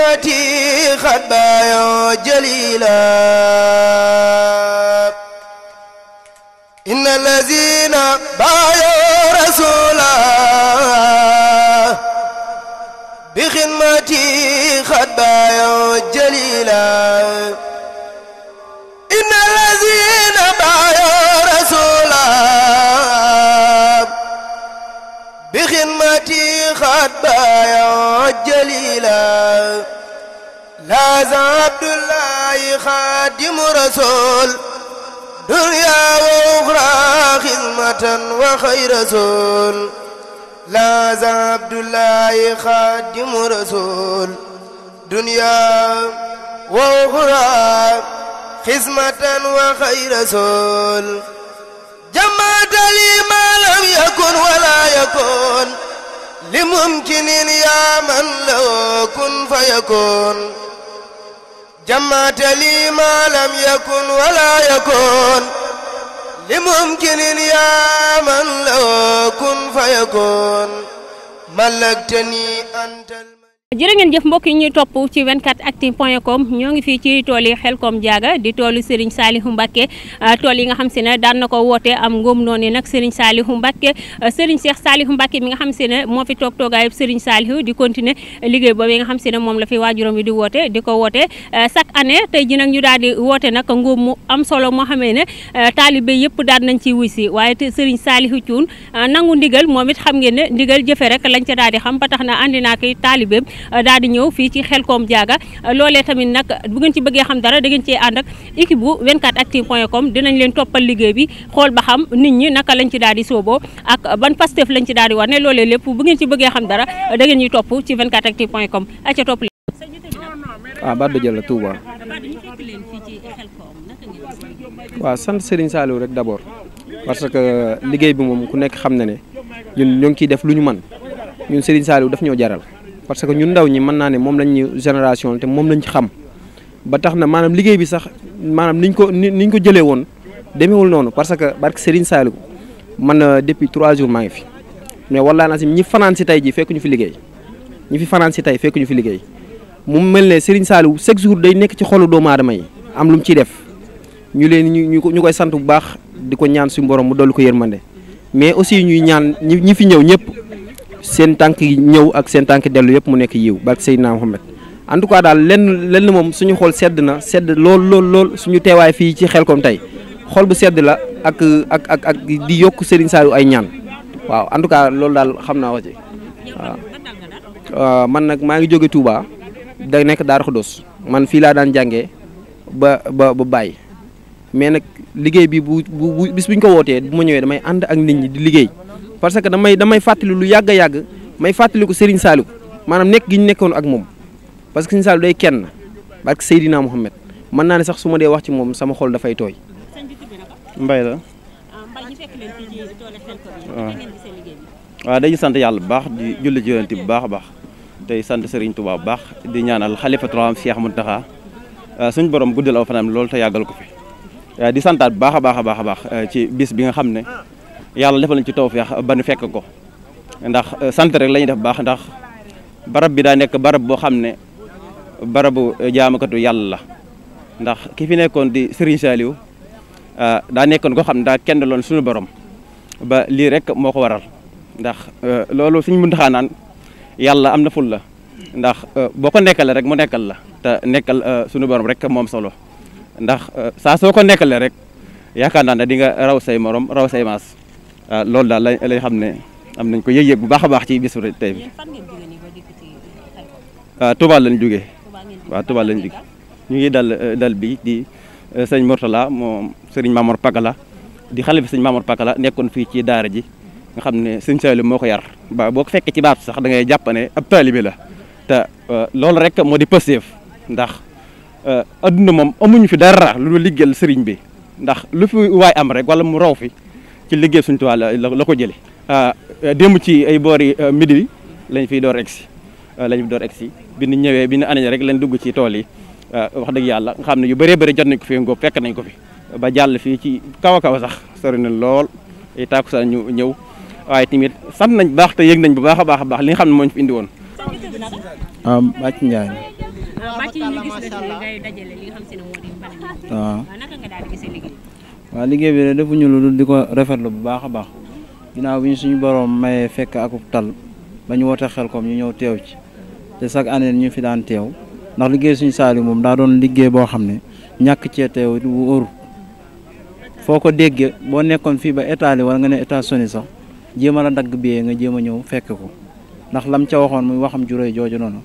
أمتي خبايا جليلا إن الذين بايعوا رسولا بخدمتي خبايا جليلا إن الذين بايعوا رسولا بخدمتي خبايا إله laasa Abdullahi xaadimu rasool dunyaa wa uxraa xidmatan wa xay rasool laasa Abdullahi xaadimu rasool dunyaa wa uxraa xidmatan wa xay rasool jamaatal yi maalam yakun wala yakun لممكنين يا من لو كن فيكون جمعت لي ما لم يكن ولا يكون لممكنين يا من لو كن فيكون ملكتني أنت jërë ngeen jëf mbokk yi ñuy topp ci 24actu point com ñoo ngi fii ci tool yi Xelkom Diaga di toolu Serigne Saliou Mbacké euh, tool yi nga xam si ne daan na ko woote am noon noonu nag Serigne Saliou Mbacké euh, Serigne Cheikh Saliou Mbacké mi nga xam si ne moo fi toog toogaayub Serigne Saliou di continuer liggéey boobu nga xam si ne moom la fi waajuram yi di woote di ko woote euh, chaque année tey ji ñu daal di woote nag ngóom mu am solo moo xamee ne taalibe yëpp daan nañ ci wuy si waaye Serigne Saliou Thioune nangu ndigal moom it xam ngeen ne ndigal jëfe rek lañ ca daal di xam ba tax na andi naa koy taalibeem Euh, daal di ñëw fii ci xel Xelkom jaaga euh, loolee tamit nag bu ngeen ci bëggee xam dara da ngeen cee ànd ak équipe bu 24actu point com dinañ leen toppal liggéey bi xool ba nit ñi naka lañ ci daal di sooboo ak ban pastef lañ ci daal di war lépp bu ngeen ci bëggee xam dara da ngeen topp ci 24actu point com a ca topp waaw ah, Badou Diallo Touba waaw sant Serigne Saliou rek d'abord parce que liggéey bi moom ku nekk xam na ne ñun ñoo ngi ciy def lu ñu man ñun Serigne Saliou daf ñëw jaral parce que ñun ndaw ñi mën naa ne moom lañ ñu génération te moom lañ ci xam ba tax na maanaam liggéey bi sax maanaam niñ ko niñ ko jëlee woon demeewul noonu parce que barke Serigne Saliou man euh, depuis trois jours maa ngi fi mais wallaahi naa si ñi fanaan si tey ji fekk ñu fi liggéey ñi fi fanaan si tey fekk fi liggéey mu mel ne Serigne Saliou chaque jour day nekk ci xolu doomu aadama yi am lu mu ciy def ñu leen ñu ñu koy sant bu baax di ko ñaan suñu borom mu doolu ko yërmande mais aussi ñuy ñaan ñi fi ñëw ñëpp. seen tànk ñëw ak seen tànk dellu yëpp mu nekk yiw barke Seydina Muhammad en tout cas daal lenn lenn moom suñu xool sedd na sedd lool lool lool suñu teewaay fii ci xel Xelkom tey xool bu sedd la ak ak ak di yokk Serigne Saliou ay ñaan waaw en tout cas loolu daal xam naa ko ci euh, man nag maa ngi jóge tuuba da nekk Darou Khoudoss man fii laa daan jàngee ba ba ba bàyyi mais nag liggéey bi bu bu bis bu ñu ko wootee bu ma ñëwee damay ànd ak nit ñi di liggéey. parce que damay damay fàttali lu yàgg a yàgg may fàttali ko Serigne Saliou maanaam nekk gi ñu nekkoon ak moom parce que Serigne Saliou day kenn barke Seydina Mohamed mën naa ne sax su ma dee wax ci moom sama xol dafay tooy. la. waaw ah, waaw sant yàlla bu baax di julli ci bu baax a baax tey sant Serigne Touba bu baax di ñaanal xalifatul am Cheikh Mountakha ah, suñu borom guddal aw fanam loolu te yàggal ko ah, di santaat bu baax a baax a baax a baax ci bis bi nga xam ne. yàlla defal nañ ci tawfeex ba nu fekk ko ndax euh, sant rek la ñuy def baax ndax barab bi daa nekk barab boo xam ne barabu euh, jaamakatu yàlla la ndax ki fi nekkoon di Serigne Saliou euh, daa nekkoon koo xam ne daa kenn loon suñu borom ba lii rek moo ko waral ndax loolu suñ mun taxaa naan yàlla am na ful la ndax boo ko nekkale rek mu nekkal la te nekkal suñu borom rek moom solo ndax saa soo ko nekkalee rek yaakaar naa ne di nga raw sey morom raw say maas Ah, loolu daal la lay xam ne am nañ ko yëg-yëg bu baax a baax ci bisu tey bi ah, Touba lañ jógee waaw Touba lañ jógee ñu ngi dal eh, dal bi di eh, sëñ Mourtala mo sëriñ Mamor Pakala di xale bi sëñ Mamor Pakala nekkoon fii ci daara ji nga xam ne sëñ Saliou moo ko yar ba boo ko fekkee ci baatu sax da ngay jàpp ne ab taalibe la te eh, loolu rek moo di pëseef ndax adduna moom amuñu fi dara lu liggéeyal sëriñ bi ndax lu fi waay am rek wala mu raw fi ci liggéey suñ tubaab la la ko jëlee. Ah, ah, démb ci ay boori ah, midi lañ fiy door egsi lañ fi door egsi bi ñu ñëwee bi ñu anañee rek lañ dugg ci tool yi wax dëgg yàlla xam ne yu bëree bëri jot nañ ko fi ngóob fekk nañ ko fi. ba jàll fii ci kaw a sax sori na lool ay taakusaan ñu ñëw waaye tamit sant nañ baax te yëg nañ bu baax a baax a baax li xam ne moo ñu fi indi woon. ah Mbacke waaw liggéey bi de defuñu lu dul di ko rafetlu bu baax a baax ginnaaw bi ñu suñu boroom mayee fekk akuk tal ba ñu woote xel koom ñu ñëw teew ci te chaque année ñu fi daan teew ndax liggéey suñu saali moom daa doon liggéey boo xam ne ñàkk cee teew it wu óoru foo ko déggee boo nekkoon fii ba Italie wala nga ne États-Unis sax jéem a la dagg biyee nga jéem a ñëw fekk ko ndax lam ca waxoon muy waxam juróoy jooju noonu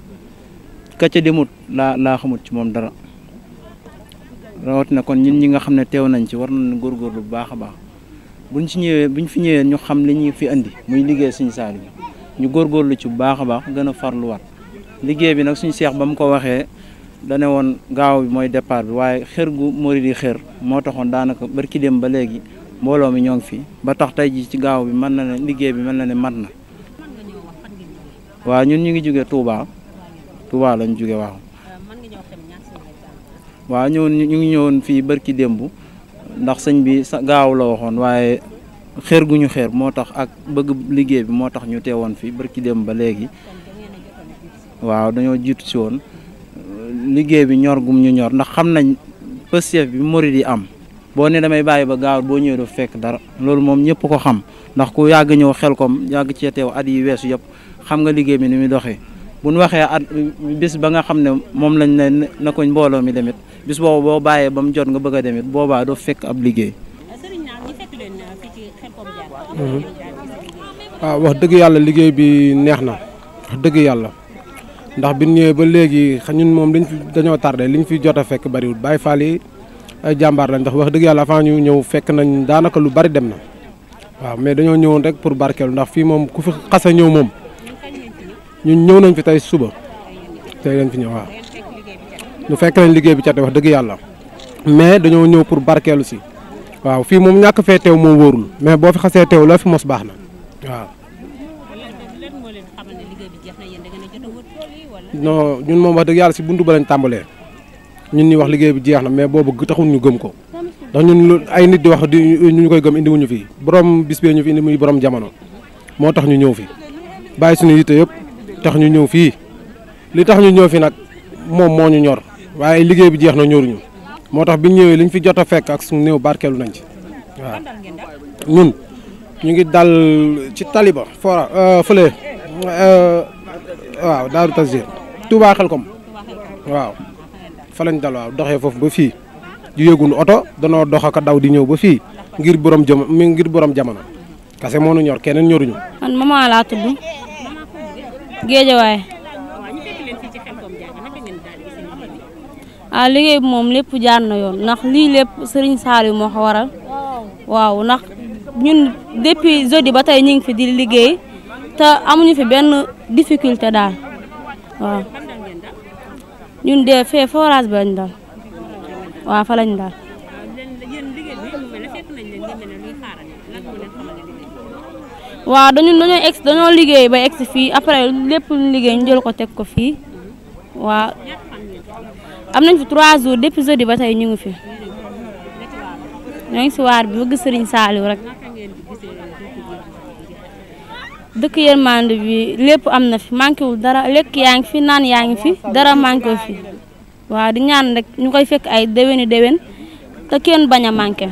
ka ca demut laa laa xamut ci moom dara rawatina kon ñun ñi nga xam ne teew nañ ci war na nañu góorgóorlu bu baax a baax buñ ci ñëwee buñ fi ñëwee ñu xam li ñu fi indi muy liggéey suñu saali ñu góorgóorlu ci bu baax a baax gën a farluwaat liggéey bi nag suñu seex ba mu ko waxee dane woon gaaw bi mooy départ bi waaye xër gu mori di xër moo taxoon daanaka barki dem ba léegi mbooloo mi ñoo ngi fi ba tax tey ji ci gaaw bi mën na ne liggéey bi mën na ne mat na waaw ñun ñu ngi jóge Touba Touba lañ jóge waaw waaw ñëwoon ñu ngi ñëwoon fii barki démb ndax sëñ bi sa gaaw la waxoon waaye xeer gu ñu xeer moo tax ak bëgg liggéey bi moo tax ñu woon fii barki démb ba léegi waaw dañoo jiitu si woon liggéey bi ñor gum ñu ñor ndax xam nañ pëstéef bi murid yi am boo ne damay bàyyi ba gaaw boo ñëwee du fekk dara loolu moom ñëpp ko xam ndax ku yàgg ñëw xel kom yàgg cee teew at yi weesu yëpp xam nga liggéey bi ni muy doxee bu ñu waxee at bis ba nga xam ne moom lañ ne na ko mbooloo mi demit bis boobu boo bàyyee ba mu jot nga bëgg a demit boobaa doo fekk ab liggéey. Uh, mhm. ah, wax dëgg yàlla liggéey bi neex na wax dëgg yàlla ndax bi ñëwee ba léegi ñun moom liñ fi dañoo li ñu fi jot a fekk bariwul Baay Faal yi ay jàmbaar lañ ndax wax dëgg yàlla avant ñu ñëw fekk nañ daanaka lu bari dem na waaw mais dañoo ñëwoon rek pour barkeelu ndax fii moom ku fi xasa ñëw moom. ñun ñëw nañ fi tey suba tey lañ fi ñëw waaw ñu fekk nañ liggéey bi cate wax dëgg yàlla mais dañoo ñëw pour barkeelu si waaw fii moom ñàkk fee teew moom wóorul mais boo fi xasee teew loo fi mos baax na waaw ñun moom wax dëgg yàlla si bunt ba lañ tàmbalee ñun ñi wax liggéey bi jeex na mais boobu taxul ñu gëm ko ndax ñun ay nit di wax di ñu koy gëm indi wuñu fii borom bis bee ñu fi indi muy borom jamono moo tax ñu ñëw fi bàyyi suñu yëpp tax ñu ñëw fii li tax ñu ñëw fii nag moom moo ñu ñor waaye liggéey bi jeex na ñoruñu moo tax bi ñu ñëwee liñ fi jot a fekk ak suñu néew barkeelu nañ ci waaw ñun ñu ngi dal ci taliba fora euh, fële euh, waaw daaru tasir Touba Xelkom waaw fa lañ dal waaw doxee foofu ba fii ju yëgunu oto danoo dox ak daw di ñëw ba fii ngir borom jëm ngir borom jamono kase moo nu ñor keneen ñoruñu géejawaay ah liggéey moom lépp jaar na yoon ndax lii lépp sëriñ Saliou moo ko waral waaw ndax ñun depuis jeudi ba tey ñu ngi fi di liggéey te am ñu fi benn difficulté daal waaw ñun de fee forage ba lañ dal waaw fa lañ dal waaw dañu dañoo ex dañoo liggéey ba ex fii après lépp luñu liggéey ñu jël ko teg ko fii waaw am nañ fi trois jours depuis jeudi ba tey ñu ngi fi ñoo ngi si waar bi bëgg sëriñ Saaliw rek dëkk yërmande bi lépp am na fi manqué wul dara lekk yaa ngi fi naan yaa ngi fi dara manqué wu fi waaw di ñaan rek ñu koy fekk ay déwéni déwén te kenn bañ a manqué